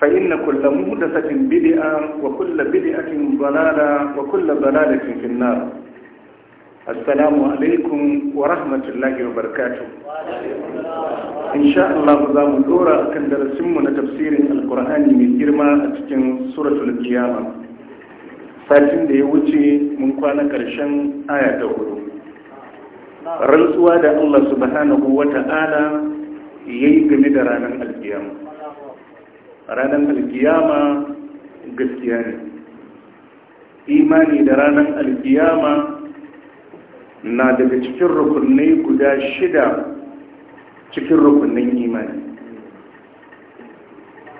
فإن كل مهدسة بدعة وكل بدعة ضلالة وكل ضلالة في النار السلام عليكم ورحمة الله وبركاته إن شاء الله زام الدورة كان درسمنا تفسير القرآن من جرمى أتكين سورة القيامة ساتين دي وجي من قوانا كرشان آية هدو رنسوا الله سبحانه وتعالى يجمد رانا القيامة ranar alkiyama gaskiya ne imani da ranar alkiyama na daga cikin rukunai guda shida cikin rukunin imani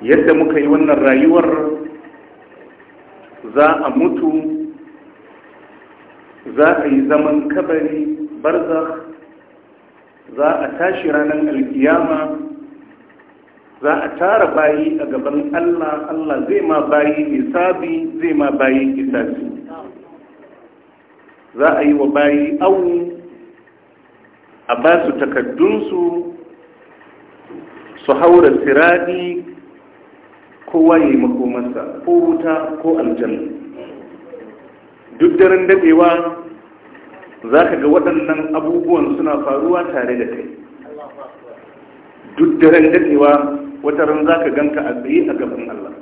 yadda muka yi wannan rayuwar za a mutu za a yi zaman kabari barza za a tashi ranar alkiyama za a tara bayi a gaban Allah Allah zai ma bayi hisabi zai ma bayi hisabi za a yi wa bayi awu a ba su takaddunsu su haura siradi ko waye makomarsa ko wuta ko aljanna duk daren dadewa za ka ga waɗannan abubuwan suna faruwa tare da kai duk daren dadewa wata ran za ka ganka a tsaye a gaban Allah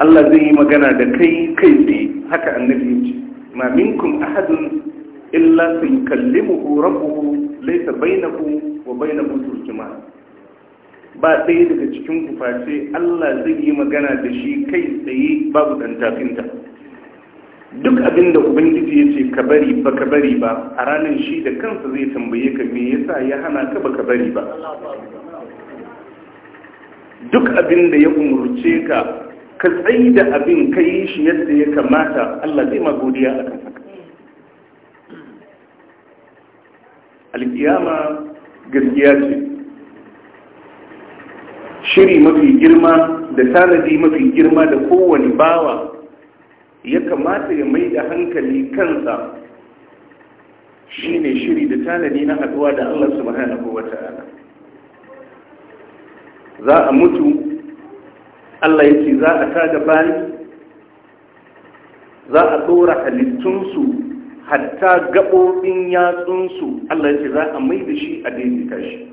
Allah zai yi magana da kai kai tsaye haka annabi ya ce ma minkum ahadun illa sun sayukallimuhu bai laysa bainahu wa bainahu turjuman ba ɗaya daga cikin ku face Allah zai yi magana da shi kai tsaye babu dan tafinta duk abin da ubangiji ya ce ka bari ba ka bari ba a ranar shi da kansa zai tambaye ka me yasa ya hana ka ba ka bari ba duk abin da ya umurce ka ka tsayi da abin ka yi shi yadda ya kamata Allah zai magodiya a kan haka alkiyama gaskiya ce shiri mafi girma da tanadi mafi girma da kowane bawa ya kamata ya mai da hankali kansa shine shiri da tanadi na haduwa da Allah subhanahu wata'ala za a mutu Allah ya ce za a tada bani za a tsora halittunsu hatta gaɓoɓin yatsunsu Allah ya ce za a mai da shi a daidaita shi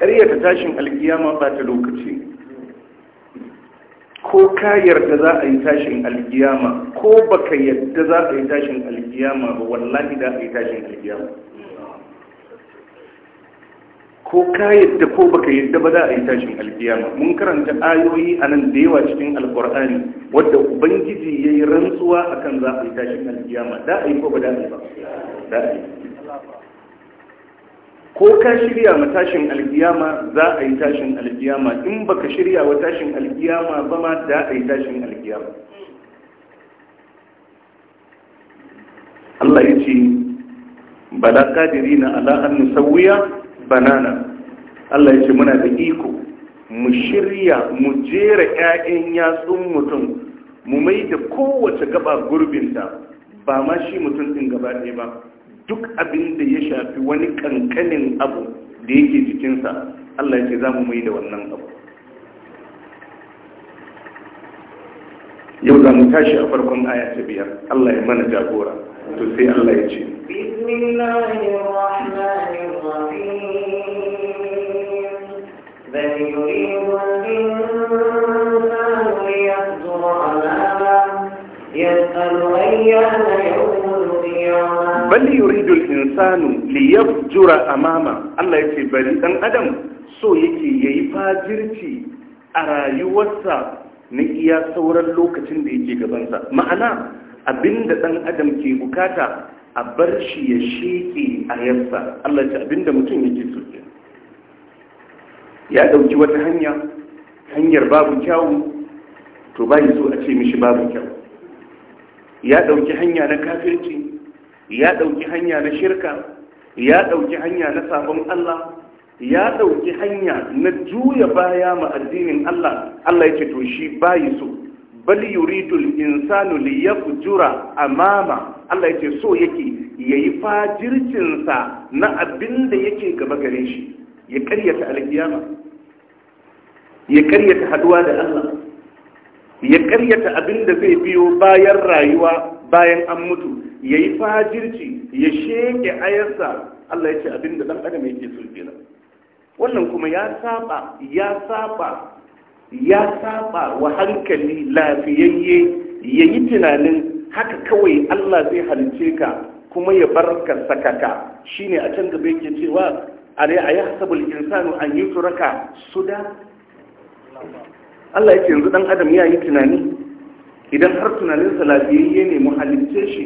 ƙaryata tashin alkiyama ba ta lokaci ko ka yarda za a yi tashin alkiyama ko baka yarda za a yi tashin alkiyama ba wallahi da a yi tashin alkiyama ko ka yarda ko baka yarda ba za a yi tashin alkiyama mun karanta ayoyi a nan da yawa cikin alkur'ani wadda ubangiji ya yi rantsuwa akan za a yi tashin alkiyama da a yi ko ba da a yi ba da a yi ko ka shirya ma tashin alkiyama za a yi tashin alkiyama in baka shirya wa tashin alkiyama ba ma da a yi tashin alkiyama Allah ya ce bala kadiri na ala'an musawiya banana Allah ya ce muna da iko mu shirya mu jera 'ya'yan yatsun mutum mu mai da kowace gaba gurbinta ba ma shi mutum ɗin gaba ɗaya ba duk abin da ya shafi wani kankanin abu da yake jikinsa Allah ya ce za mu mai da wannan abu yau za mu tashi a farkon aya ta biyar Allah ya mana jagora to sai Allah ya ce bali yuridu al-insanu li yafjura amama Allah yace bari dan adam so yake yayi fajirci a rayuwarsa na iya sauran lokacin da yake gabansa ma'ana abinda dan adam ke bukata a bar shi ya sheke a yansa Allah ce abinda mutum yake so ya dauki wata hanya hanyar babu kyawu to bai so a ce mishi babu kyawu ya dauki hanya na kafirci ya ɗauki hanya na shirka ya ɗauki hanya na sabon Allah ya ɗauki hanya na juya baya ma addinin Allah Allah ya ce to shi bayi so bal yuridul insanu yafjura amama Allah ya ce so yake yayi fajircinsa na abin da yake gaba gare shi ya karyata alkiyama ya karyata haduwa da Allah ya karyata abin da zai biyo bayan rayuwa bayan an mutu ya yi fajirci ya sheke ayarsa Allah ya ce abin da ɗan adam ke so kenan wannan kuma ya saba ya saba ya saba wa hankali lafiyayye ya yi tunanin haka kawai Allah zai halice ka kuma ya bar ka sakaka ne a can gaba yake cewa ale a yi hasabul insanu an yi turaka suda Allah ya ce yanzu ɗan adam ya yi tunani idan har tunanin lafiyayye ne mu halitta shi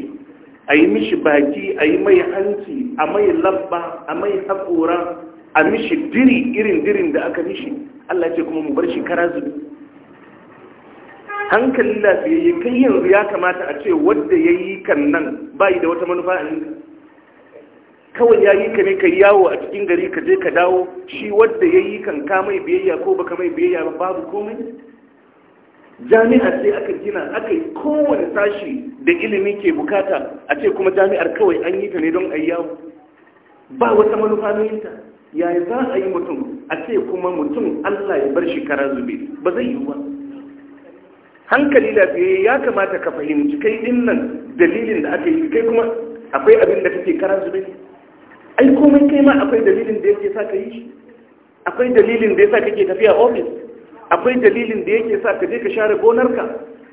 a yi mishi baki a yi mai hanci a mai labba a mai haƙora a mishi diri irin dirin da aka mishi Allah ce kuma mu bar shi kara zubi hankali lafiyayye kai yanzu ya kamata a ce wadda ya yi kan nan bayi da wata manufa a kawai ya yi ka ne ka yawo a cikin gari ka je ka dawo shi wadda ya yi kan ka mai biyayya ko baka mai biyayya ba babu komai jami'a sai aka gina aka yi kowane sashi da ilimi ke bukata a ce kuma jami'ar kawai an yi ta ne don ayyawo ba wata manufaninta yaya za a yi mutum a ce kuma mutum allah ya bar shekara zube ba zai yi ba hankali lafiya ya kamata ka fahimci kai din nan dalilin da aka yi kai kuma akwai abin da kake kara zube ai komai kai ma akwai dalilin da yake sa ka yi shi akwai dalilin da yasa kake tafiya ofis akwai dalilin da yake sa ka je ka share gonarka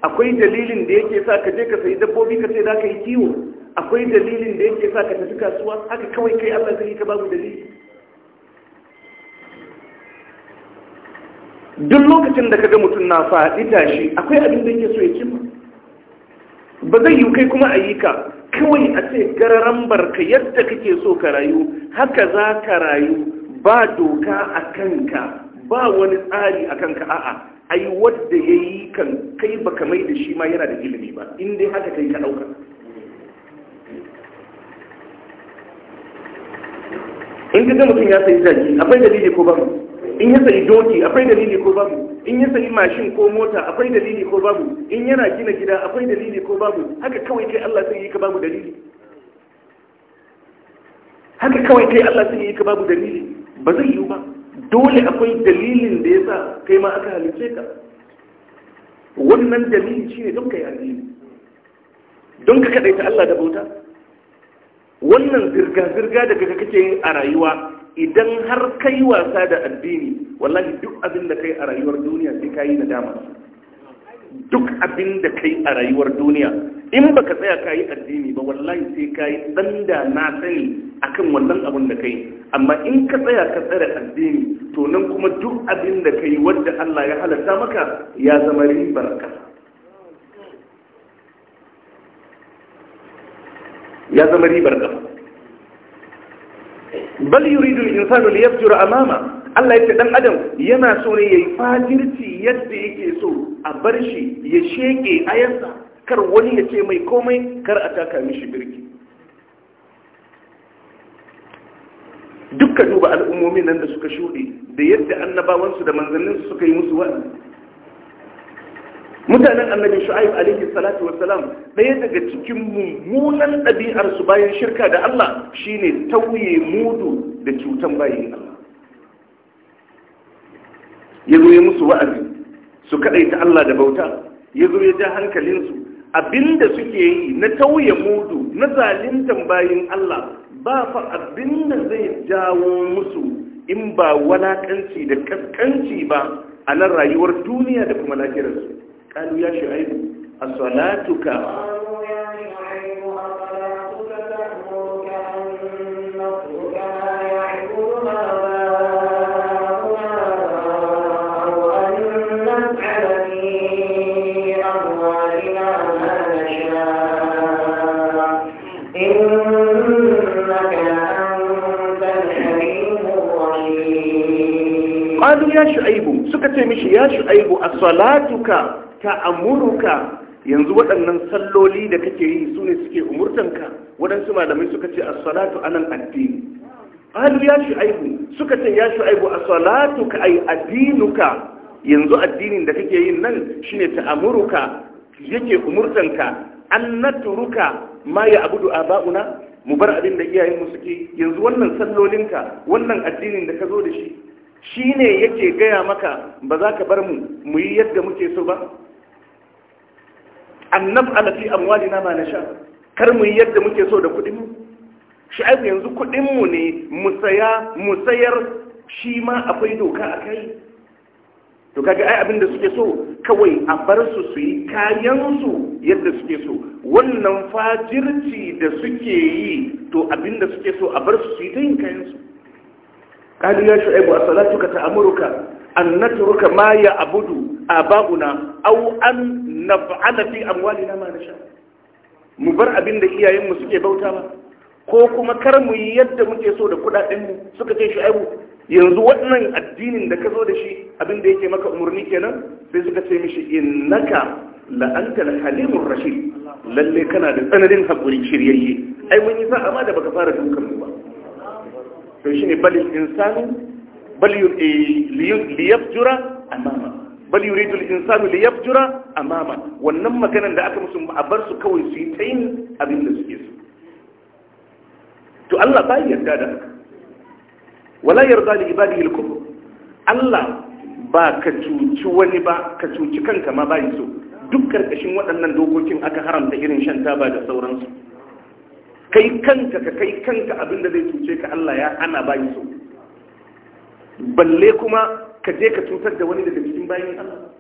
akwai dalilin da yake sa ka je ka sayi dabbobi ka sai za ka yi kiwo akwai dalilin da yake sa ka tafi kasuwa haka kawai kai Allah zai ka babu dalili duk lokacin da ka ga mutum na faɗi tashi akwai abin da yake so ya ci ba zai yi kai kuma ayyuka kawai a ce gararan barka yadda kake so ka rayu haka za ka rayu ba doka a kanka ba wani tsari a kanka a'a ai wadda ya yi kan kai ba ka mai da shi ma yana da ilimi ba inda haka kai ka ɗauka in ka ga mutum ya sayi jaki akwai dalili ko babu in ya sayi doki akwai dalili ko babu in ya sayi mashin ko mota akwai dalili ko babu in yana gina gida akwai dalili ko babu haka kawai kai Allah sai yi ka babu dalili haka kawai kai Allah sai yi ka babu dalili ba zai yiwu ba dole akwai dalilin da ya sa kai ma aka halice ka wannan dalili shi ne don ka yi addini don ka kaɗaita Allah da bauta wannan zirga-zirga da kaka kake yin a rayuwa idan har kai wasa da addini wallahi duk abin da kai a rayuwar duniya sai ka yi nadama duk abin da kai a rayuwar duniya in baka tsaya ka yi addini ba wallahi sai ka yi tsanda na sani akan wannan abin da kai amma in ka tsaya ka tsare addini to nan kuma duk abin da kai wanda Allah ya halatta maka ya zama ribar ka ya zama ribar ka bal yuridu al-insanu li yafjura amama Allah ya ce dan adam yana so ne yayi fajirci yadda yake so a bar shi ya sheke ayansa kar wani ya ce mai komai kar a taka mishi birki dukkan duba al'ummomin nan da suka shuɗe da yadda annabawansu da manzanninsu suka yi musu wa'azi mutanen annabi shu'aib alaihi salatu wassalam ɗaya daga cikin mummunan ɗabi'arsu bayan shirka da Allah shine tauye mudu da cutan bayin Allah ya zo ya musu wa'azi su kaɗaita Allah da bauta ya zo ya ja hankalinsu abinda suke yi na tauye mudu na zalintan bayin Allah ba fa abin da zai jawo musu in ba walakanci da kaskanci ba a nan rayuwar duniya da kuma lafiyarsu kalu ya shu'aibu a salatuka Thank you. ya shu'aibu suka ce mishi ya shu'aibu as-salatuka ka yanzu waɗannan salloli da kake yi su ne suke umurtanka waɗansu malamai suka ce as-salatu anan addini qalu ya shu'aibu suka ce ya shu'aibu as-salatuka ay addinuka yanzu addinin da kake yin nan shine amuruka yake umurtanka an naturuka ma ya abudu aba'una mu bar abin da iyayenmu suke yanzu wannan sallolinka wannan addinin da ka zo da shi shi ne yake gaya maka ba za ka bar mu mu yi yadda muke so ba annab alafi na ma na sha kar mu yi yadda muke so da kuɗinmu shi aiki yanzu kuɗinmu ne mu saya mu sayar shi ma akwai doka a kai to kaga ai abinda da suke so kawai a bar su su yi kayansu yadda suke so wannan fajirci da suke yi to abin da suke so a bar su su yi ta yin kayansu قالوا يا شعيب أصلاتك تأمرك أن نترك ما يعبد آباؤنا أو أن نفعل في أموالنا ما نشاء مبرع بين دقيقة يوم سكي بوتا ko kuma kar mu yi yadda muke so da kuɗaɗenmu suka ce shu'aibu yanzu wannan addinin da ka zo da shi abin da yake maka umarni kenan sai suka ce mishi innaka la'anta na halimun rashid lalle kana da tsananin haƙuri shiryayye ai mun yi sa'a ma da baka fara dukan mu ba to shine balil insanu bal eh, liyabjura amama bal yuridu al-insanu liyabjura amama wannan maganan da aka musu a bar su kawai su yi ta yin abin da suke su, to Allah ba yarda da haka wala yarda li ibadihi al-kufr Allah ba ka cuci wani ba ka cuci kanka ma ba bai so duk karkashin waɗannan dokokin aka haramta irin shan taba da sauransu kai kanka ka kai kanka abinda zai cuce ka Allah ya ana bayi so balle kuma ka je ka cutar da wani daga cikin bayin Allah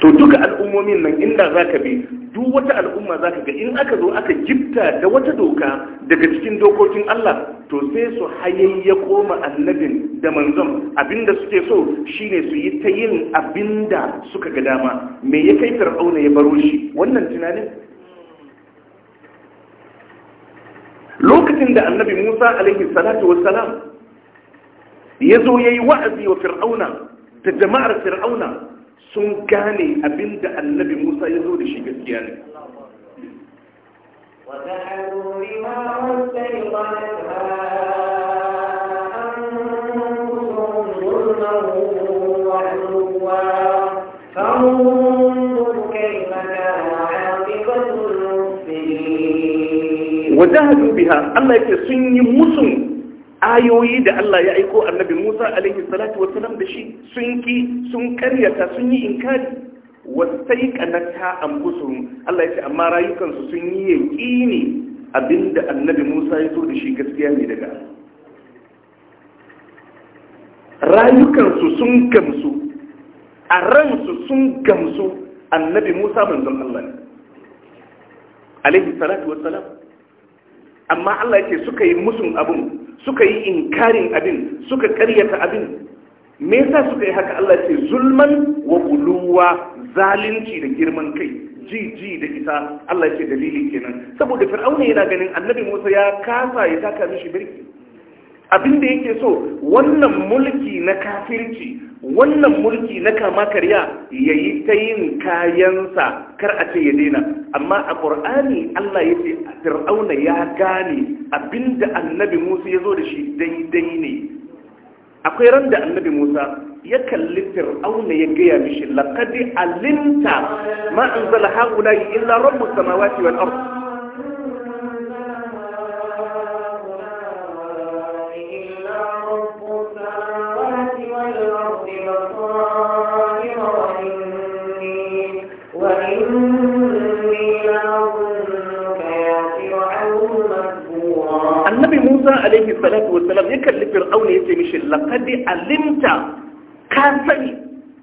to duka al'ummomin nan inda za ka bi duk wata al'umma za ka ga in aka zo aka gifta da wata doka daga cikin dokokin Allah to sai su hayayya koma annabin da manzon abinda suke so shine su yi ta yin abinda suka ga dama me ya kai fir'auna ya baro shi wannan tunanin lokacin da annabi Musa alaihi salatu wassalam ya zo yayi wa'azi wa fir'auna da jama'ar fir'auna sun gane abinda annabi musa ya zo da shi gaskiya ne wa بِمَا مُسْتَيْقَنَتْهَا biha Allah yake sun yi musun ayoyi da Allah ya aiko annabi Musa alaihi salatu wasalam da shi sun ki sun karyata sun yi inkari wasai kanata an busurun Allah ya ce amma rayukansu sun yi ne abinda annabi Musa ya zo da shi gaskiya ne daga rayukansu sun gamsu a ransu sun gamsu annabi Musa manzon Allah ne alaihi salatu wasalam amma Allah ya ce suka yi musun abun suka yi inkarin abin suka karyata abin me yasa suka yi haka Allah ce zulman wa buluwa zalunci da girman kai ji ji da ita Allah ce dalili kenan saboda fir'auna yana ganin annabi Musa ya kasa ya taka mishi birki abin da yake so wannan mulki na kafirci wannan mulki na kama karya ya yi ta yin kayansa kar a ce ya daina amma a ƙur'ani allah ya ce fir'auna ya gane abin da annabi musa ya zo da shi daidai ne akwai ran da annabi musa ya kalli fir'auna ya gaya mishi laqad alimta ma anzala haula illa rabbus samawati wal ardh Musa alaihi salatu wa salam ya kalli Fir'auna yace mishi laqad alimta ka sani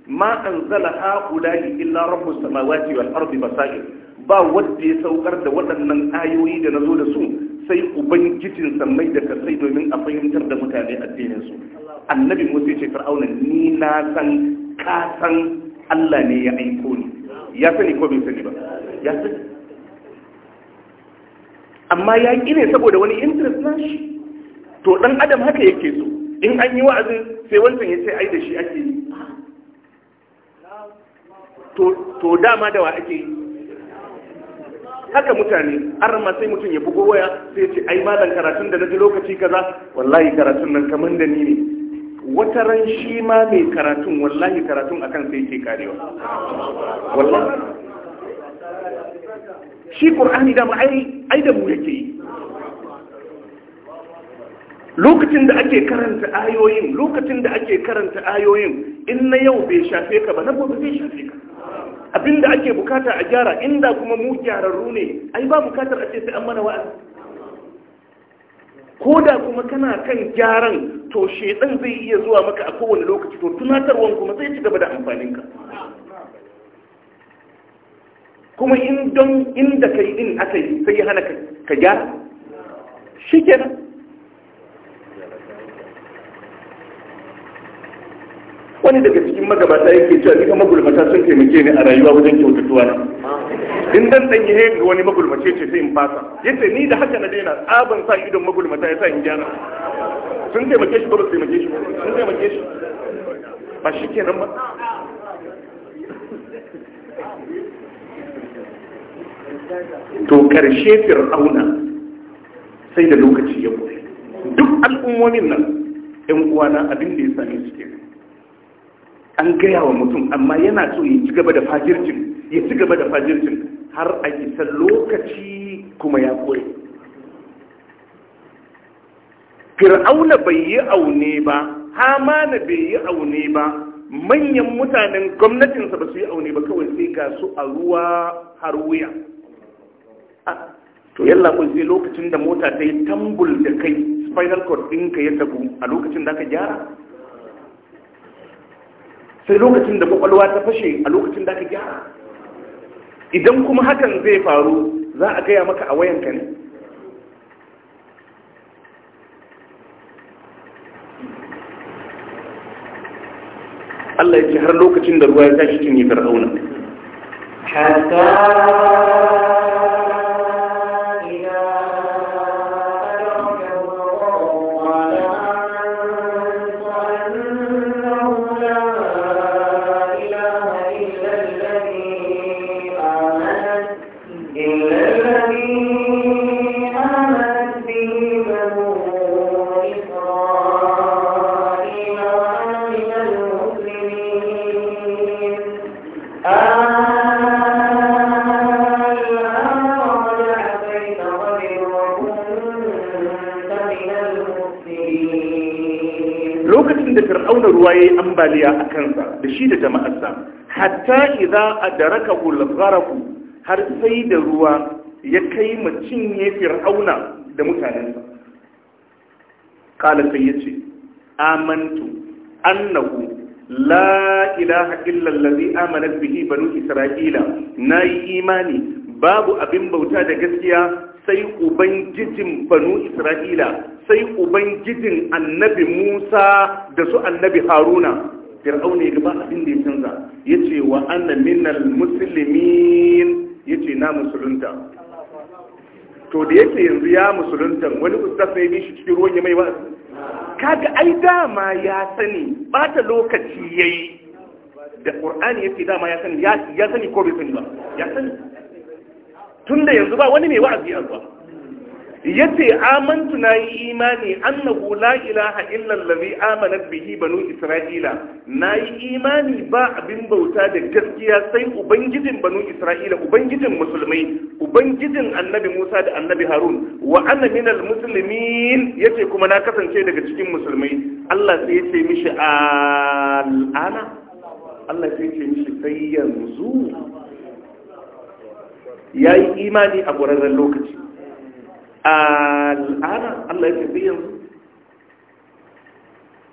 ma anzala haula illa rabbus samawati wal ardi basair ba wanda ya saukar da waɗannan ayoyi da nazo da su sai ubangijin sammai da kasai domin a fahimtar da mutane addinin su annabi Musa yace Fir'auna ni na san ka san Allah ne ya aiko ni ya sani ko bai sani ba ya sani amma ya ƙi ne saboda wani interest na shi to dan adam haka yake so in an yi wa'azin sai wancan ya ce ai da shi ake yi to dama da wa ake yi haka mutane arma sai mutum ya bugo waya sai ce ai malam karatun da na ji lokaci kaza wallahi karatun nan kaman da ni ne wata ran shi ma mai karatun wallahi karatun akan sai ke karewa wallahi shi ƙur'ani da ai ai da mu yake yi lokacin da ake karanta ayoyin lokacin da ake karanta ayoyin in na yau bai shafe ka ba na gobe zai shafe ka abinda ake bukata a gyara inda kuma mu gyararru ne ai ba bukatar a ce sai an mana wa'a ko da kuma kana kan gyaran to shedan zai iya zuwa maka a kowane lokaci to tunatarwan kuma zai ci gaba da amfaninka kuma in don inda kai din aka yi sai ya hana ka gyara shi kenan wani daga cikin magabata yake cewa ni gulmata sun taimake ni a rayuwa wajen kyautatuwa na in dan dan yi ga wani magulmace ce sai in fasa yace ni da haka na daina tsaban sa idon magulmata ya sa in gyara sun taimake shi ba su taimake shi sun taimake shi ba shi kenan ba to karshe fir'auna sai da lokaci ya bude duk al'ummomin nan yan uwana abin da ya same su kenan an gaya wa mutum amma yana so ya ci gaba da fajircin ya ci gaba da fajircin har a isa lokaci kuma ya kore fir'auna bai yi aune ba hamana bai yi aune ba manyan mutanen gwamnatinsa ba su yi aune ba kawai sai ga su a ruwa har wuya to yalla kun sai lokacin da mota ta yi tambul da kai spinal cord ɗinka ya tabu a lokacin da aka gyara sai lokacin da kwakwalwa ta fashe a lokacin da aka gyara idan kuma hakan zai faru za a gaya maka a wayanka ne Allah ya ce har lokacin da ruwa ya tashi cinye fir'auna hatta ambaliya a kansa da shi da jama'arsa hatta idza adraka al-gharq har sai da ruwa ya kai mu cinye fir'auna da mutanensa kala sai amantu annahu la ilaha illa allazi bihi banu isra'ila nayi imani babu abin bauta da gaskiya sai ubangijin banu isra'ila sai ubangijin annabi musa da su annabi haruna fir'auni ya abin da ya canza ya ce wa anna minal musulmin ya ce na musulunta to da yake yanzu ya musulunta wani ustaz ne shi cikin ruwan ya mai wa kaga ai dama ya sani bata lokaci yayi da qur'ani yake dama ya sani ya sani ko bai sani ba ya sani tunda yanzu ba wani mai wa'azi a zuwa yace amantu na yi imani annahu la ilaha illa allazi amanat bihi banu isra'ila na yi imani ba abin bauta da gaskiya sai ubangijin banu isra'ila ubangijin musulmai ubangijin annabi musa da annabi harun wa ana minal muslimin yace kuma na kasance daga cikin musulmai allah sai yace mishi al'ana allah sai yace mishi sai yanzu ya yi imani a ƙwararren lokaci al'ana Allah ya fi yanzu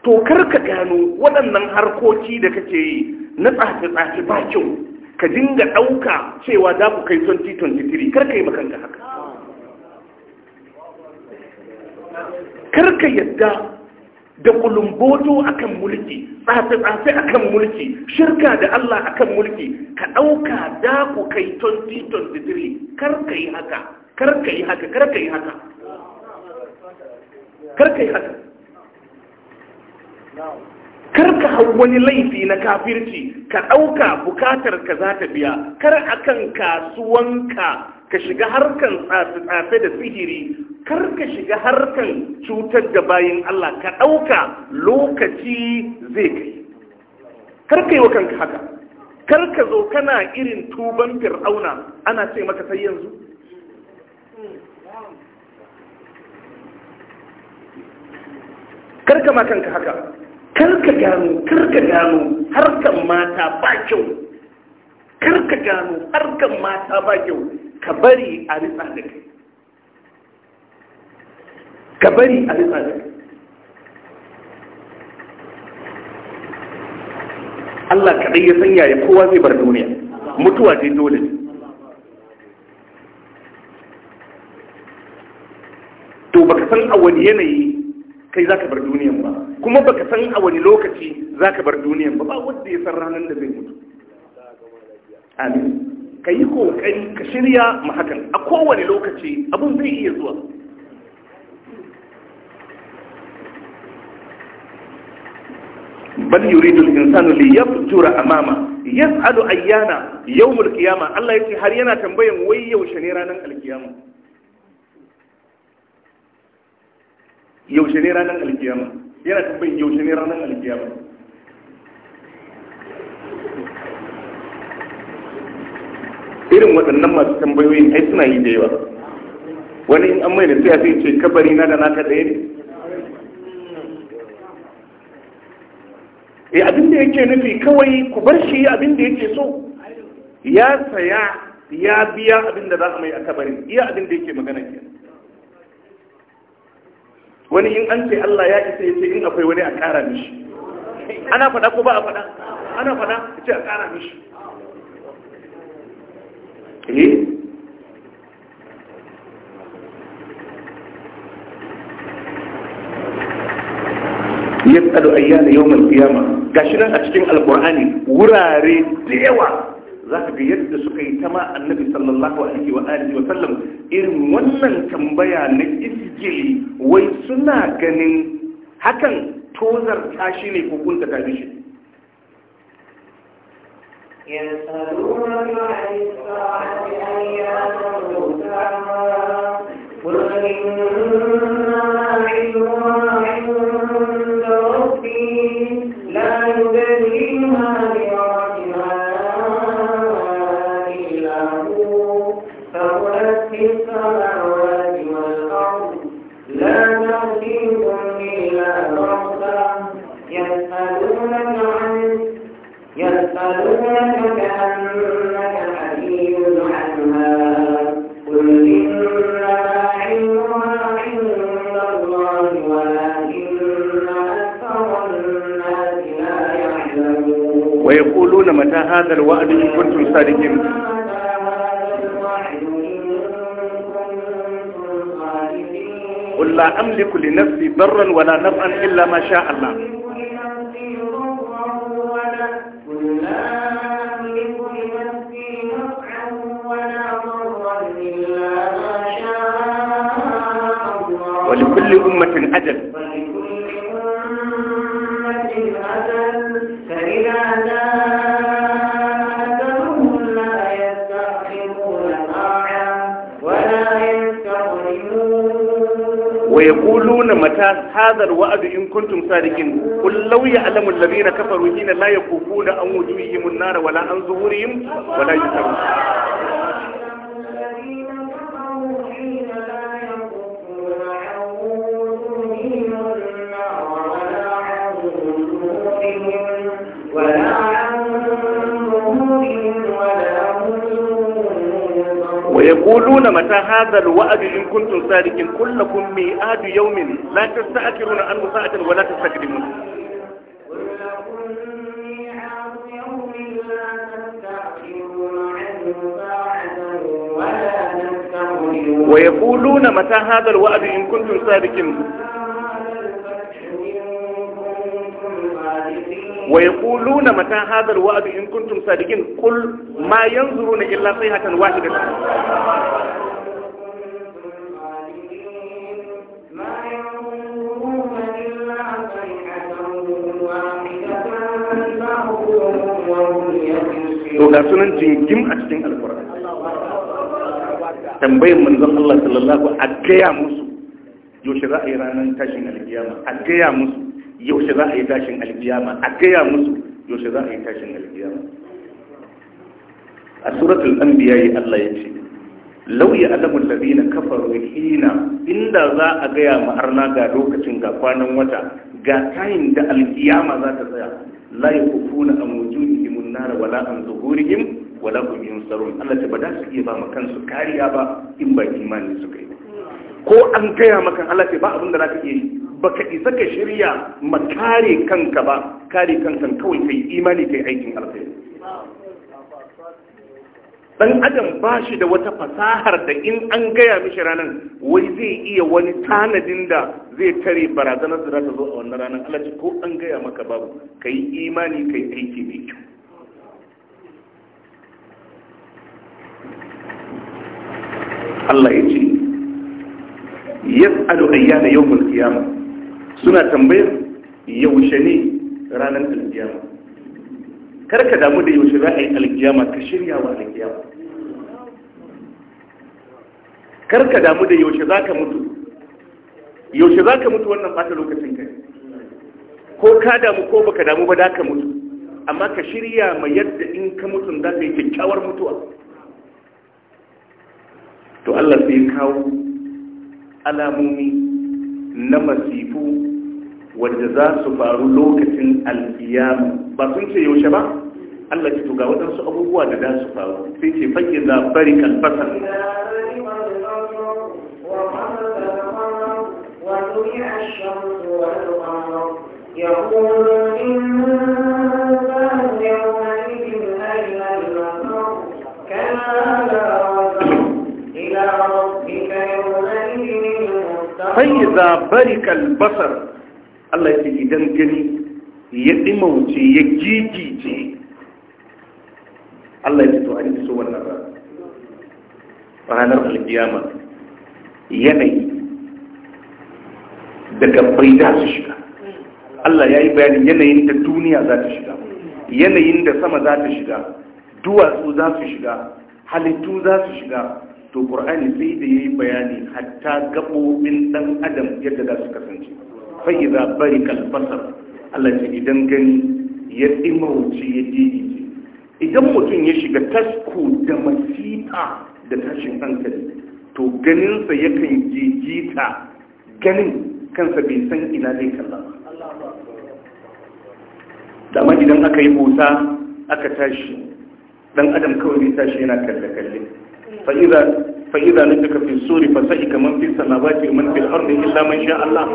to karka gano waɗannan harkoki da kake yi na tsafi-tsafi ba kyau ka dinga ɗauka cewa za ku kai 2023 karka yi makanta haka karka yadda da kulumboto akan mulki tsafe-tsafe akan mulki shirka da Allah akan mulki ka ɗauka da kai 2023 kar ka yi haka kar ka yi haka kar ka yi haka kar ka yi haka kar ka hau wani laifi na kafirci ka ɗauka bukatar ka za ta biya kar akan kasuwanka ka shiga harkan tsafe da sihiri kar ka shiga harkan cutar da bayan Allah ka ɗauka lokaci zai kai kar ka yi wa kanka haka kar ka zo kana irin tuban fir'auna ana ce maka sai yanzu kar ka ma kanka haka kar ka gano kar ka gano harkan mata ba kyau kar ka gano harkan mata ba kyau ka bari a ritsa da kai ka bari a ritsa da kai Allah kaɗai ya sanya ya kowa zai bar duniya mutuwa dai dole to ba ka san a wani yanayi kai za ka bar duniyan ba kuma ba ka san a wani lokaci za ka bar duniyan ba ba wanda ya san ranar da zai mutu amin ka yi kokari ka shirya ma hakan a kowane lokaci abun zai iya zuwa bal yuridul insanu li yafjura amama yas'alu ayyana yawmul qiyama Allah yace har yana tambayan wai yaushe ne ranar alkiyama yaushe ne ranar alkiyama yana tambayan yaushe ne ranar alkiyama irin waɗannan masu tambayoyin ai suna yi da yawa wani in an mai da sai sai ce kabari na da naka ɗaya ne eh abin da yake nufi kawai ku bar shi abin da yake so ya saya ya biya abin da za a mai a kabarin iya abin da yake magana ke wani in an ce Allah ya isa ya ce in akwai wani a ƙara mishi ana faɗa ko ba a faɗa ana faɗa ce a ƙara mishi eh yas'alu ayyana yawmal Ga gashi nan a cikin alqur'ani wurare da yawa za ga yadda suka yi tama annabi sallallahu alaihi wa alihi wa sallam irin wannan tambaya na izgili wai suna ganin hakan tozar tashi ne ko kunta يسألونك عن الساعة أيان مرساها قل إن متى هذا الوعد إن كنتم صادقين قل لا أملك لنفسي ضرا ولا نفعا إلا ما شاء الله ولكل أمة أجل wa yaquluna mata hadha alwa'd in kuntum sadiqin qul law ya'lamu alladhina kafaru hina la yakufuna an wujuhihim an-nar wala an zuhurihim wala yusarun يقولون متى هذا الوعد إن كنتم صادقين كلكم مئات يوم لا تستأخرون عنه ساعة ولا تستقدمون ويقولون متى هذا الوعد إن كنتم صادقين wa yaquluna mata hadha alwa'd in kuntum sadiqin qul ma yanzuruna illa sai sayhatan wahidatan to ga sunan jingim a cikin alkur'ani tambayin manzon Allah sallallahu a gaya musu yaushe za a yi ranar tashin alkiyama a gaya musu yaushe za a yi tashin alkiyama a gaya musu yaushe za a yi tashin alkiyama a suratul anbiya yi Allah ya ce lauya alamun na kafar hina inda za a gaya ma'arna ga lokacin ga kwanan wata ga tayin da alkiyama za ta tsaya layi ya na a mujudihim nara wala an zuhurihim wala hum tsaron. Allah ta da su iya ba ma kansu kariya ba in ba imani su kai ko an gaya maka Allah ce ba abin da za ka iya yi baka isa ka shirya ma kare kanka ba kare kanka kawai kai imani kai aikin alkhairi dan adam ba shi da wata fasahar da in an gaya mishi ranar wai zai iya wani tanadin da zai tare barazanar da ta zo a wannan ranar alaji ko an gaya maka babu ka yi imani ka yi aiki mai kyau Allah ya ce yas'alu ayyana yawmul qiyamah suna tambayar yaushe ne ranar alkiyama karka damu da yaushe za a yi alkiyama ka shirya wa alkiyama karka damu da yaushe za ka mutu yaushe za ka mutu wannan fata lokacin kai ko ka damu ko baka damu ba da ka mutu amma ka shirya ma yadda in ka mutun za ka yi kyakkyawar mutuwa to Allah sai kawo alamomi na masifu wanda za su faru lokacin alkiyama ba sun ce yaushe ba Allah ki tuga waɗansu abubuwa da za su faru sai ce fage za bari kalfasar يقول الإنسان يومئذ أين المفر كلا لا فإذا برك البصر Allah ya ce idan gani ya ɗimauce, ya gigice Allah ya ce to an yi so wannan rana ranar alkiyama yanayi da gabbai za su shiga Allah ya yi bayanin yanayin da duniya za ta shiga yanayin da sama za ta shiga duwatsu za su shiga halittu za su shiga to ƙur'ani sai da ya yi bayani hatta gaɓoɓin ɗan adam yadda za su kasance fa'iza bari kalfasar Allah ce idan gani ya ɗimauci ya ɗiɗi idan mutum ya shiga tasku da masifa da tashin hankali to ganinsa yakan jijita ganin kansa bai san ina zai kalla ba dama idan aka yi bota aka tashi ɗan adam kawai zai tashi yana kalle-kalle fa'iza فإذا نجك في السور فسحك من في السماوات ومن في الأرض إلا من شاء الله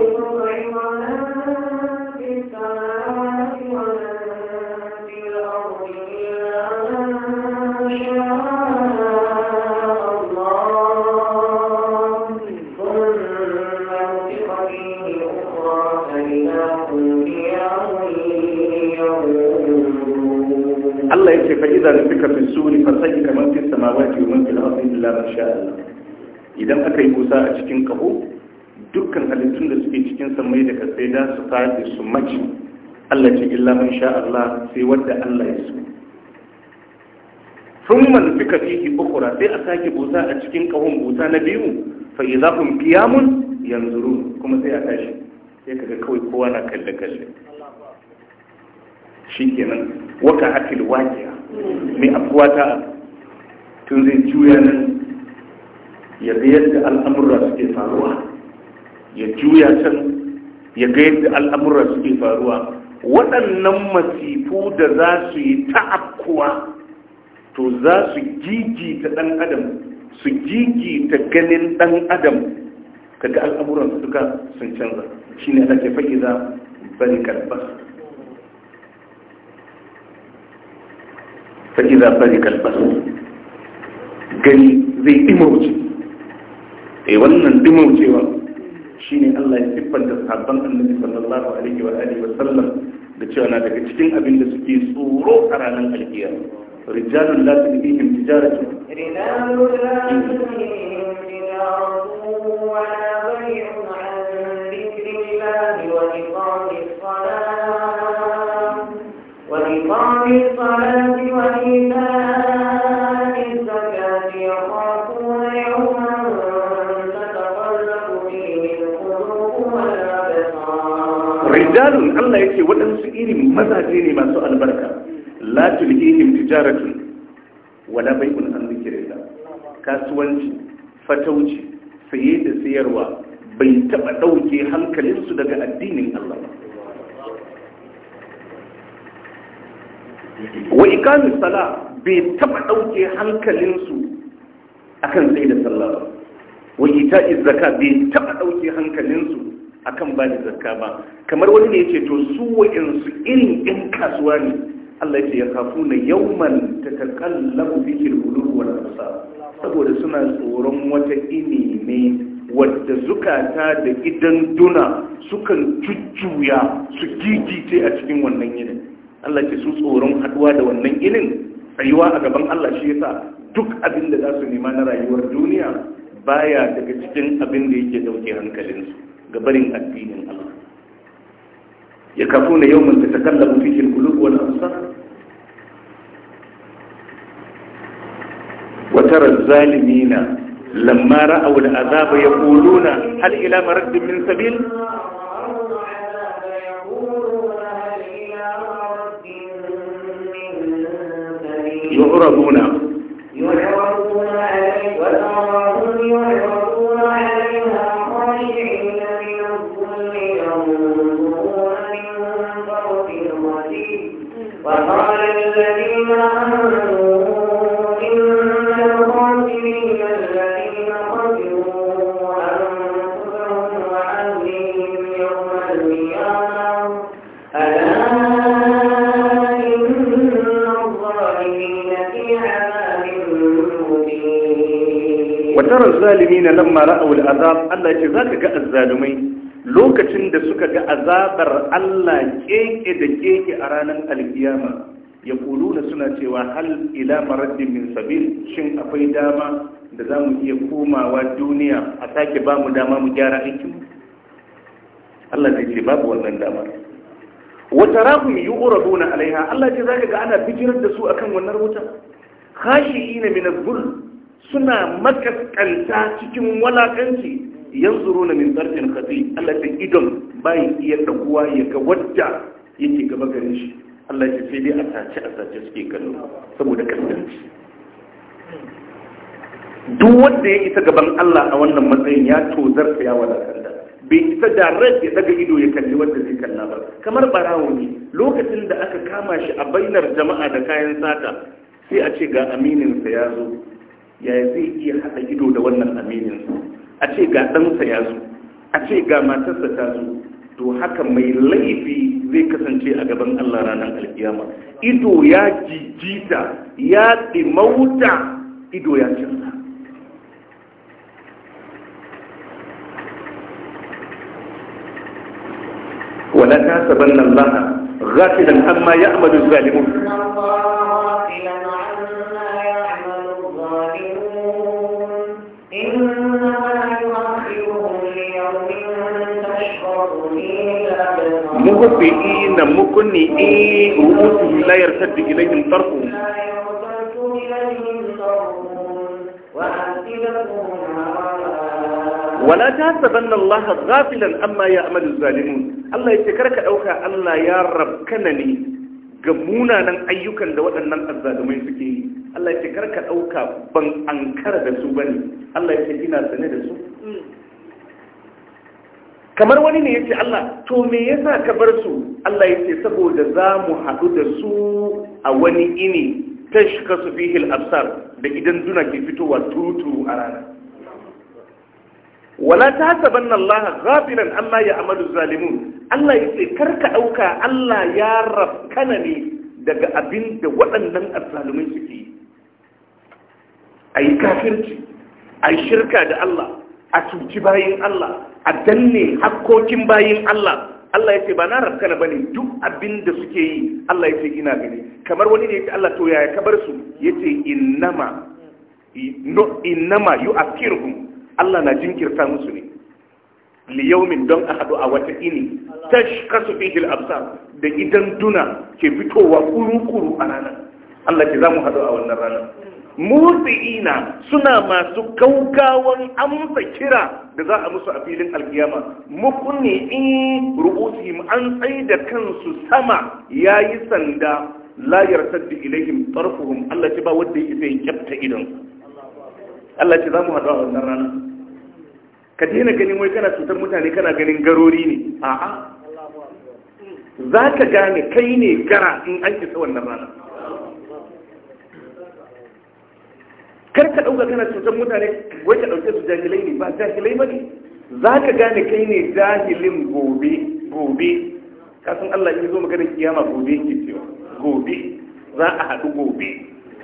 الله يكفي فإذا نفك في السور فسيك من في السماوات Allah idan aka yi kusa a cikin kaho dukkan halittun da suke cikin samai da kasai da su fadi su maci Allah ce illa man sha Allah sai wadda Allah ya so sun manfika fihi ukura sai a sake busa a cikin kahon busa na biyu fa idza mun qiyamun kuma sai a tashi sai kaga kawai kowa na kalle kalle shikenan waka hakil waqi'a mai afwata tun zai juya nan ya ga yadda al'amurra suke faruwa ya juya can ya ga yadda al'amurra suke faruwa waɗannan masifu da za su yi ta'akkuwa to za su gigita ɗan adam su gigita ganin ɗan adam kaga al'amuran duka sun canza shi ne ake faƙi za bari kalbas faƙi za bari gani zai dimauce eh wannan dimaucewa shine Allah ya siffanta sahabban Annabi sallallahu alaihi wa alihi wa sallam da cewa na daga cikin abin da suke tsoro a ranar alkiyama rijalun la tulhihim tijaratu rijalun la tulhihim tijaratu wa la rijalun Allah yake waɗansu irin mazaje ne masu albarka la tulhihim tijaratun wala bai'un an zikrillah kasuwanci fatauci saye da sayarwa bai taba dauke su daga addinin Allah ba wa ikamin sala bai taba dauke su akan sai da sallah ba wa ita'iz zakat bai taba dauke su. akan ba da zakka ba kamar wani ne yace to su wa'insu irin ɗin kasuwa ne Allah ya kafu na yawman ta takallabu fikir qulub wal absar saboda suna tsoron wata ini ne wadda zukata da idan duna sukan jujjuya su gigice a cikin wannan yinin Allah ce su tsoron haduwa da wannan yinin sayuwa a gaban Allah shi yasa duk abin da za su nema na rayuwar duniya baya daga cikin abin da yake dauke hankalinsu gabarin addinin Allah ya kafu na yawon ta takallabu fikin kulubu wani amsar وترى الظالمين لما رأوا العذاب يقولون هل إلى مرد من سبيل يعرضون وقال الذين آمنوا إن الخاسرين الذين خسروا أنفسهم وأهليهم يوم القيامة ألا الظالمين في عذاب مبين وترى الظالمين لما رأوا العذاب الله يجزاك كالظالمين lokacin da suka ga azabar Allah keke da keke a ranar alkiyama ya kuluna suna cewa hal ila maraddin min sabil shin akwai dama da za mu iya komawa duniya a sake ba mu dama mu gyara aikin Allah zai ce babu wannan dama wata rahum yu'raduna alaiha Allah ce zaka ga ana bijirar da su akan wannan wuta khashi'ina min az suna makaskanta cikin walakanci yanzuruna min tarfin khati Allah ta idon bai iya daguwa ya ga wadda yake gaba garin shi Allah ya sai dai a tace a tace suke kallo saboda kaskanci duk wanda ya isa gaban Allah a wannan matsayin ya tozarta ya wadakanta bai isa da rai ya daga ido ya kalli wanda zai kalla ba kamar barawo ne lokacin da aka kama shi a bainar jama'a da kayan sata sai a ce ga amininsa ya zo ya zai iya haɗa ido da wannan amininsa a ce ga ɗansa ya zo a ce ga matarsa ta zo to haka mai laifi zai kasance a gaban Allah ranar alkiyama ido ya jijita ya ɗimauta ido ya canza wala ta saban nan laha amma عما يعمل mugufi ina mukunni inu mutu layar sadi ilayin tarfu wala ta saban nan laha amma ya amalin zalimu Allah ya ce karka ɗauka Allah ya rabkana ne ga munanan ayyukan da waɗannan azzalumai suke yi Allah ya ce karka ɗauka ban an da su ba ne Allah ya ce ina sane da su kamar wani ne yace Allah to me yasa ka bar su Allah ce saboda za mu haɗu da su a wani ini tashkasu su al-absar da idan duna ke fitowa turuturu a rana wala tahsabanna Allah ghafilan amma Amadu zalimun Allah yace karka ɗauka Allah ya kana ne daga abin da waɗannan azzalumai suke yi ayi kafirci a shirka da Allah a tuci bayan Allah a danne hakkokin bayin Allah Allah ya ce ba na rafkana ba ne duk abin da suke yi Allah ya ce ina gani kamar wani ne ya ce Allah to ya kabar su ya ce innama no innama yu akirhum Allah na jinkirta musu ne liyaumin don a hadu a wata ini ta kasu fihil absar da idan duna ke fitowa kuru-kuru a ranar Allah ke za mu haɗu a wannan ranar musi'ina suna masu kaukawan amsa kira da za a musu a filin alkiyama mukunni in mu an tsaye da kansu sama ya yi sanda layar yartaddu ilayhim tarfuhum Allah ce ba wanda yake sai kyafta idan Allah ce za mu haɗu a wannan rana ka daina ganin wai kana cutar mutane kana ganin garori ne a'a za ka gane kai ne gara in an kisa wannan rana kar ka ɗauka kana cutar mutane wai ka ɗauke su jahilai ne ba jahilai ba ne za ka gane kai ne jahilin gobe gobe kasan Allah ya zo magana kiyama gobe ke cewa gobe za a haɗu gobe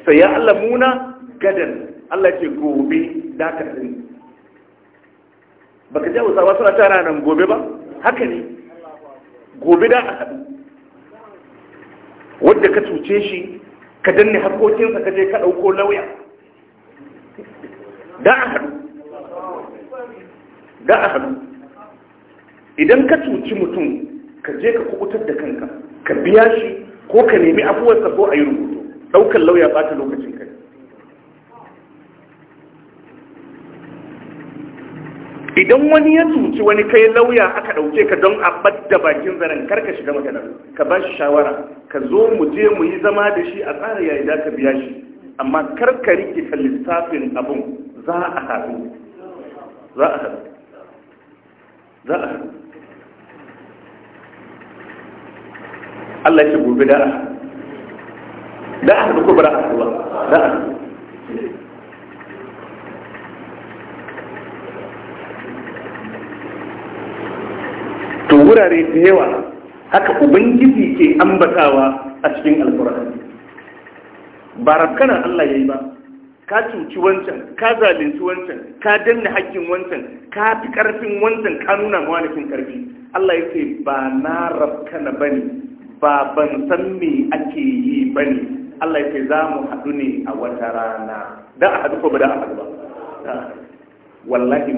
sai ya Allah muna gadan Allah ce gobe da ka sani baka jawo sawa suna tara nan gobe ba haka ne gobe da a haɗu wadda ka cuce shi ka danne harkokinsa ka je ka ɗauko lauya da a haɗu da a idan ka cuci mutum ka je ka kubutar da kanka ka biya shi ko ka nemi afuwarsa ko a yi rubutu ɗaukar lauya ba ta lokacin kai idan wani ya cuci wani kai lauya aka ɗauke ka don a badda bakin zaren karka shiga magana ka ba shi shawara ka zo mu je mu yi zama da shi a tsara yayi da ka biya shi amma karka rikita lissafin abin. za a haɗu za a haɗu za a haɗu Allah ce gobe da da a haɗu ko bara a haɗu ba da a haɗu to wurare da yawa haka ubangiji ke ambatawa a cikin alkur'ani ba Allah ya yi ba ka cuci wancan ka zalunci wancan ka danna hakkin wancan ka fi karfin wancan ka nuna ma karfi Allah ya ce ba na rabkana bane ba ban san me ake yi bane Allah ya ce za mu haɗu ne a wata rana a haɗu ko ba a haɗu ba ah, wallahi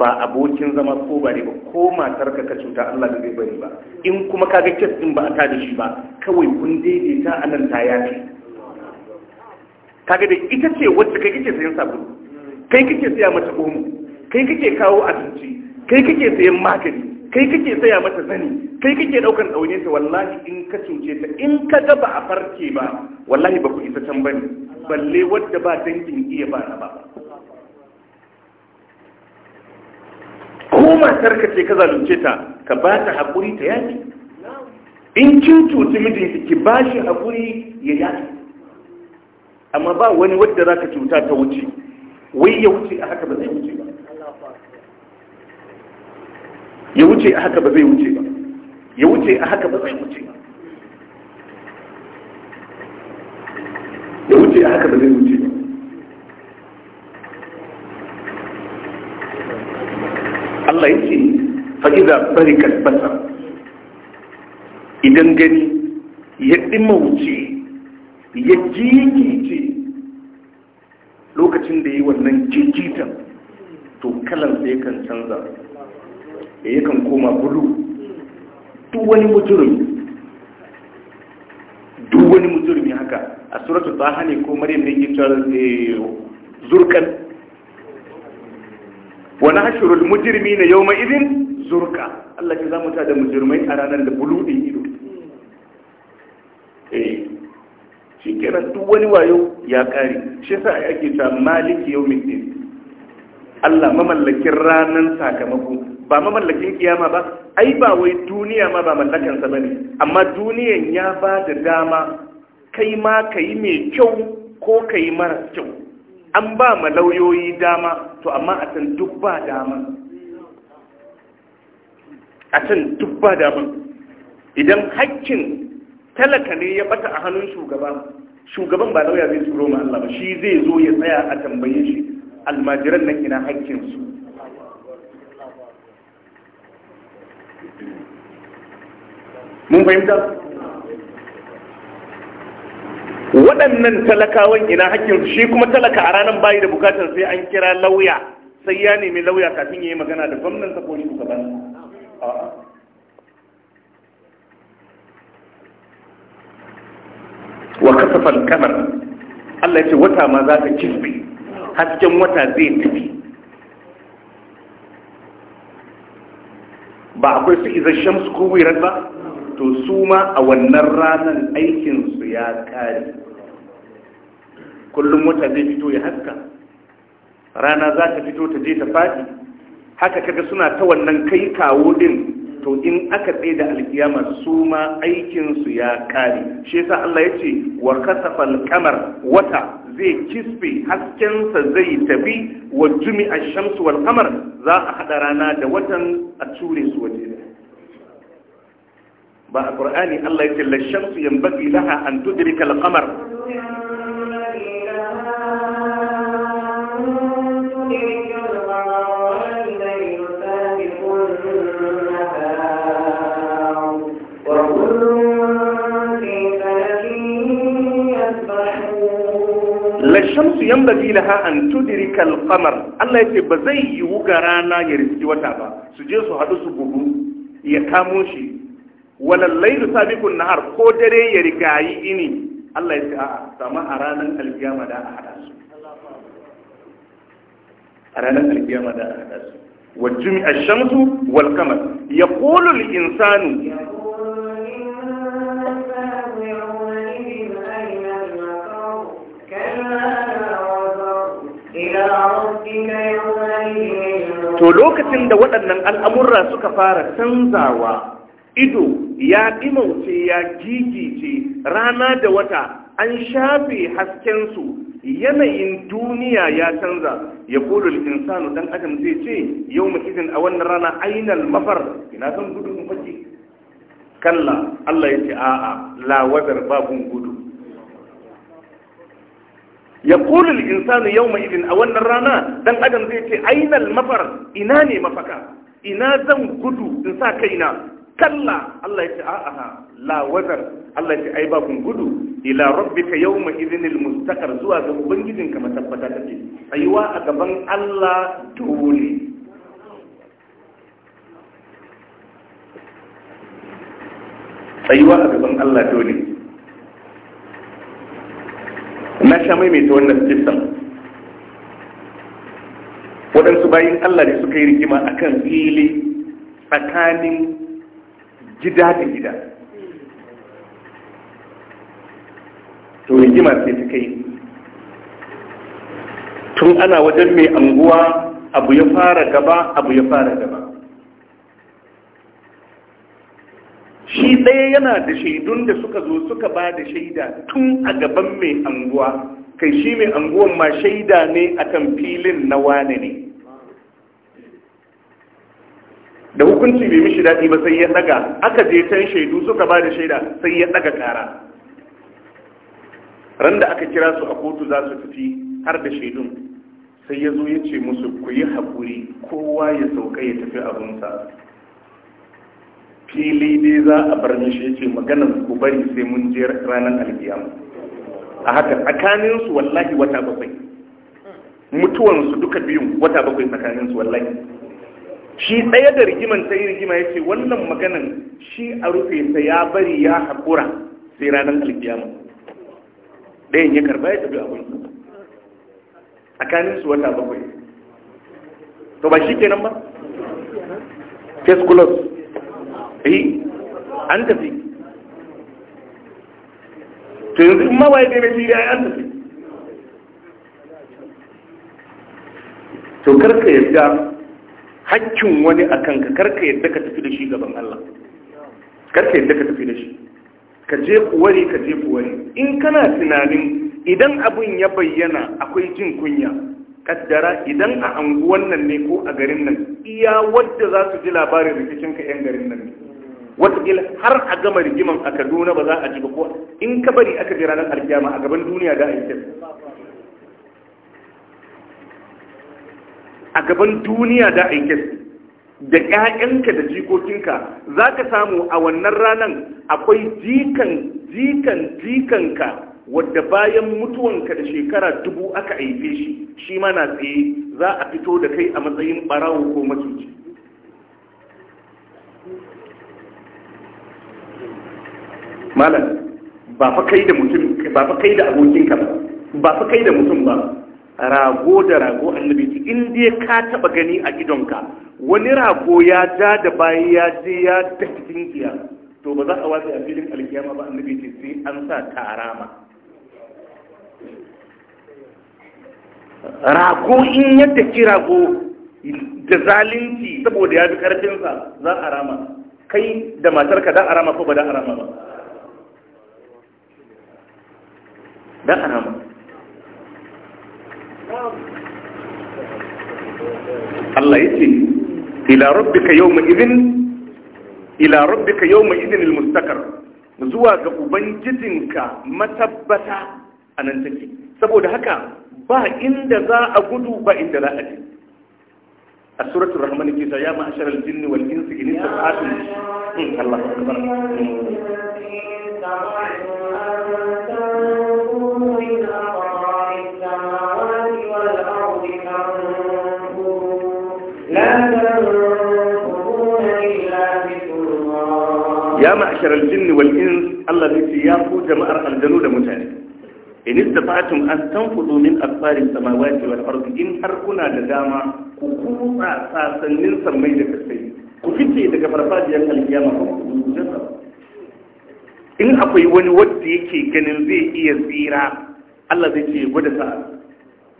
ba abokin zama ko ba ne ba ko matar ka cuta Allah da zai bari ba in kuma kaga kes ɗin ba a ta da shi ba kawai kun daidaita anan ta yafi kaga da ita ce wacce kai kake sayan sabulu kai kake saya mata omo kai kake kawo abinci kai kake sayan magani kai kake saya mata zani kai kake daukan daune ta wallahi in ka cuce ta in ka ga ba a farke ba wallahi ba ku isa can bane balle wadda ba dangin iya ba na ba ko matar ka ce ka zalunce ta ka ba ta haƙuri ta yaki in cin cuci mijinki ki ba shi haƙuri ya yaki amma ba wani wadda za ka cuta ta wuce wai ya wuce a haka ba zai wuce ba ya wuce a haka ba zai wuce ba ya wuce a haka ba zai wuce ba ya wuce a haka ba zai wuce ba Allah ya ce fa'iza barikar basa. idan gani ya ɗima wuce ya ce. lokacin da yi wannan jijitan to kalansa kan canza da eh, kan koma bulu duk wani mujurumi duk wani mujurumi haka a suratul ta hane ko maryam da ke cewa eh, zurkan wa nahshurul mujrimina yawma ma'izin zurka Allah ya zamu ta da mujrimai a ranar da bulu din ido shi kenan duk wani wayo ya kare shi sa yake ta maliki yau mai Allah mamallakin ranar sakamako ba mamallakin kiyama ba ai ba wai duniya ma ba mallakansa ba ne amma duniyan ya ba da dama kai ma ka yi mai kyau ko ka yi mara kyau an ba ma lauyoyi dama to amma a can duk ba dama a can duk ba dama idan hakkin talaka ne ya bata a hannun shugaba shugaban ba lauya zai turo ma Allah ba shi zai zo ya tsaya a tambaye shi almajiran nan ina hakkin su mun fahimta waɗannan talakawan ina hakkin su shi kuma talaka a ranar bayi da bukatar sai an kira lauya sai ya nemi lauya kafin ya yi magana da gwamnan ko shugaban a'a wa kasafan kamar Allah ya ce wata ma za ta kisbe hasken wata zai tafi ba akwai su izar su ko ba to su ma a wannan ranar aikinsu ya kare kullum wata zai fito ya haska rana za ta fito ta je ta faɗi haka kaga suna ta wannan kai kawo din to in aka tsaye da alkiyama su ma aikinsu ya kare shi Allah ya ce wa kasafal kamar wata zai kisbe haskensa zai tafi wa a shamsu wal kamar za a hada rana da watan a ture su waje da ba a qur'ani Allah ya ce la shamsu yanbaghi laha an tudrika al qamar Lashamsu yan yanbaghi laha an tudrika al-qamar Allah ce ba zai yiwu ga rana ya riski wata ba su je su haɗu su bugu ya kamo shi wala laylu sabiqun nahar ko dare ya rigayi ini Allah ya ce a'a sama a ranar alkiyama da a haɗa su a ranar alkiyama da a haɗa su wa ashamsu shamsu Ya qamar yaqulu al-insanu to lokacin da waɗannan al'amurra suka fara canzawa ido ya ɗimauce ya gigice rana da wata an shafe haskensu yanayin duniya ya canza ya kolo insanu dan adam zai ce yau izin a wannan rana ainihin mafar ina kan gudu in kalla Allah ya ce a'a lawazar babun gudu ya kulul insanu yau mai idin a wannan rana dan adam zai ce ainal mafar ina ne mafaka ina zan gudu in sa kaina kalla Allah ya ce a'a la wazar Allah ya ce ai ba kun gudu ila rabbika yawma idhinil mustaqar zuwa ga ubangijinka matabbata take tsayuwa a gaban Allah dole tsayuwa a gaban Allah dole na sha maimaita wannan system waɗansu bayan allah ne suka yi rigima a kan fili tsakanin gida da gida to rigima sai ta kai tun ana wajen mai anguwa abu ya fara gaba abu ya fara gaba shi ɗaya yana da shaidun da suka zo suka ba da shaida tun a gaban mai anguwa kai shi mai anguwan ma shaida ne akan filin na wane ne da hukunci bai mishi daɗi ba sai ya ɗaga aka je can shaidu suka ba da shaida sai ya ɗaga kara ran da aka kira su a kotu za su tafi har da shaidun sai ya zo ya ce musu ku yi haƙuri kowa ya sauka ya tafi abinsa fili dai za a bar ya ce maganar ku bari sai mun je ranar alkiyama a haka tsakanin su wallahi wata bakwai mutuwan su duka biyun wata bakwai tsakanin su wallahi shi ɗaya da rigiman sai rigima yace wannan maganan shi a rufe sa ya bari ya haƙura sai ranar alkiyama ɗayan ya karba ya tafi abin tsakanin su wata bakwai to ba shi kenan ba fesculus eh an tafi to yanzu in mawaye daina shi ya an tafi to karka yadda hakkin wani a kanka karka yadda ka tafi da shi gaban Allah karka yadda ka tafi da shi ka je kuwari ka je kuwari in kana tunanin idan abin ya bayyana akwai jin kunya kaddara idan a anguwan nan ne ko a garin nan iya wadda za su ji labarin rikicinka 'yan garin nan ne watakila har a gama rigiman a kaduna ba za a ji ba ko in ka bari aka ji ranar alkiyama a gaban duniya da a yi a gaban duniya da a da ƴaƴanka da jikokinka za ka samu a wannan ranar akwai jikan jikan jikanka wadda bayan mutuwanka da shekara dubu aka aife shi shi ma na tsaye za a fito da kai a matsayin ɓarawo ko macuci malam ba fa kai da mutum ba fa kai da abokinka ba ba fa kai da mutum ba rago da rago annabi in dai ka taba gani a ka wani rago ya ja da bayi ya je ya tafi tinkiya to ba za a wasa a filin alkiyama ba annabi ce sai an sa tarama rago in yadda ki rago da zalunci saboda ya fi karfinsa za a rama kai da matarka da a rama ko ba da a rama ba don a rama Allah ya ce ila ka yau ma'izin, ila ka yau ma'izin ilmustakar, zuwa ga ubangijinka matabbata anan take saboda haka ba inda za a gudu ba inda za a je a suratun rahman ke ya ma'ashar aljin wal insi in tafatun hmm, Allah hmm. ya ma'ashar aljinni wal ins Allah zai ce ya ku jama'ar aljanu da mutane in fatin an tanfudu min asfarin samawati wal ardi in har kuna da dama ku kutsa sasannin sammai da kasai ku fice daga farfajiyar alkiyama ku in akwai wani wanda yake ganin zai iya tsira Allah zai ce gwada sa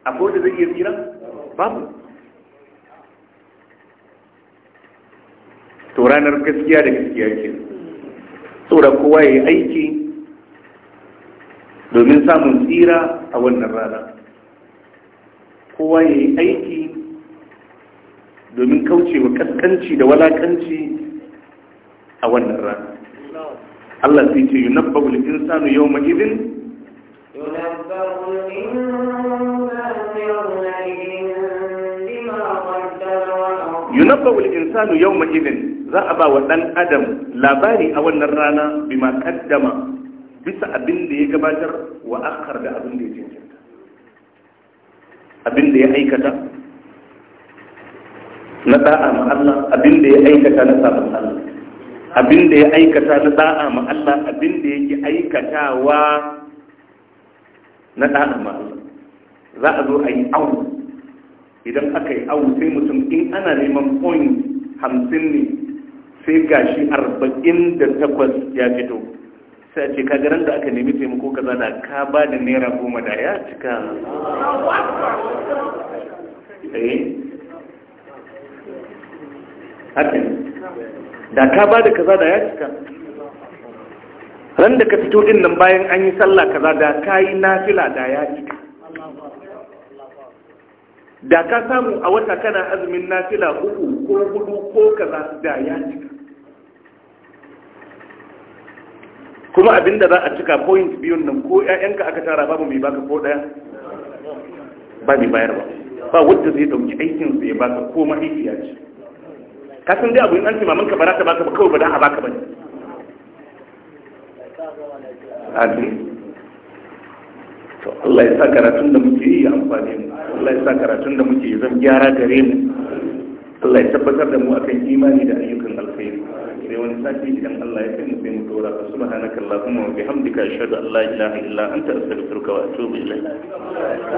akwai wanda zai iya tsira babu to ranar gaskiya da gaskiya kenan saboda kowa ya yi aiki domin samun tsira a wannan rana kowa ya yi aiki domin kaucewa kaskanci da walakanci a wannan rana Allah sai ce yi nabba wuli sanu yau ma'izin yunabba wuli insanu yau ma'izin za a ba wa ɗan adam labari a wannan rana bima kaddama bisa abin da ya gabatar wa akar da abin da ya cancanta abin da ya aikata na da'a ma Allah abin da ya aikata na sabon Allah abin da ya aikata na da'a ma Allah abin da yake aikatawa na da'a ma Allah za a zo a yi awu idan aka yi awu sai mutum in ana neman point hamsin ne sai gashi arba'in da takwas ya fito sai a ce kagaran da aka nemi taimako kaza da ka ba da naira goma da ya cika eh? haka da ka ba da kaza da ya cika ran da ka fito din nan bayan an yi sallah kaza da ka yi nafila da ya cika da ka samu a wata kana azumin nafila uku ko hudu ko kaza da ya cika kuma abinda za a cika point biyun nan ko ƴaƴanka aka tara babu mai baka ko daya ba mai bayar ba wanda zai dauki aikin ya baka ko mahaifiya ce ka san dai abu in an ce mamanka ka barata baka ba kawai ba za a baka ba ne to Allah ya sa karatun da muke yi amfani mu Allah ya sa karatun da muke yi zan gyara gare mu Allah ya tabbatar da mu akan imani da ayyukan alkhairi sai wani sati idan Allah ya kai mu sai mu dora ka subhanaka allahumma wa bihamdika ashhadu an la ilaha illa anta astaghfiruka wa atubu ilayk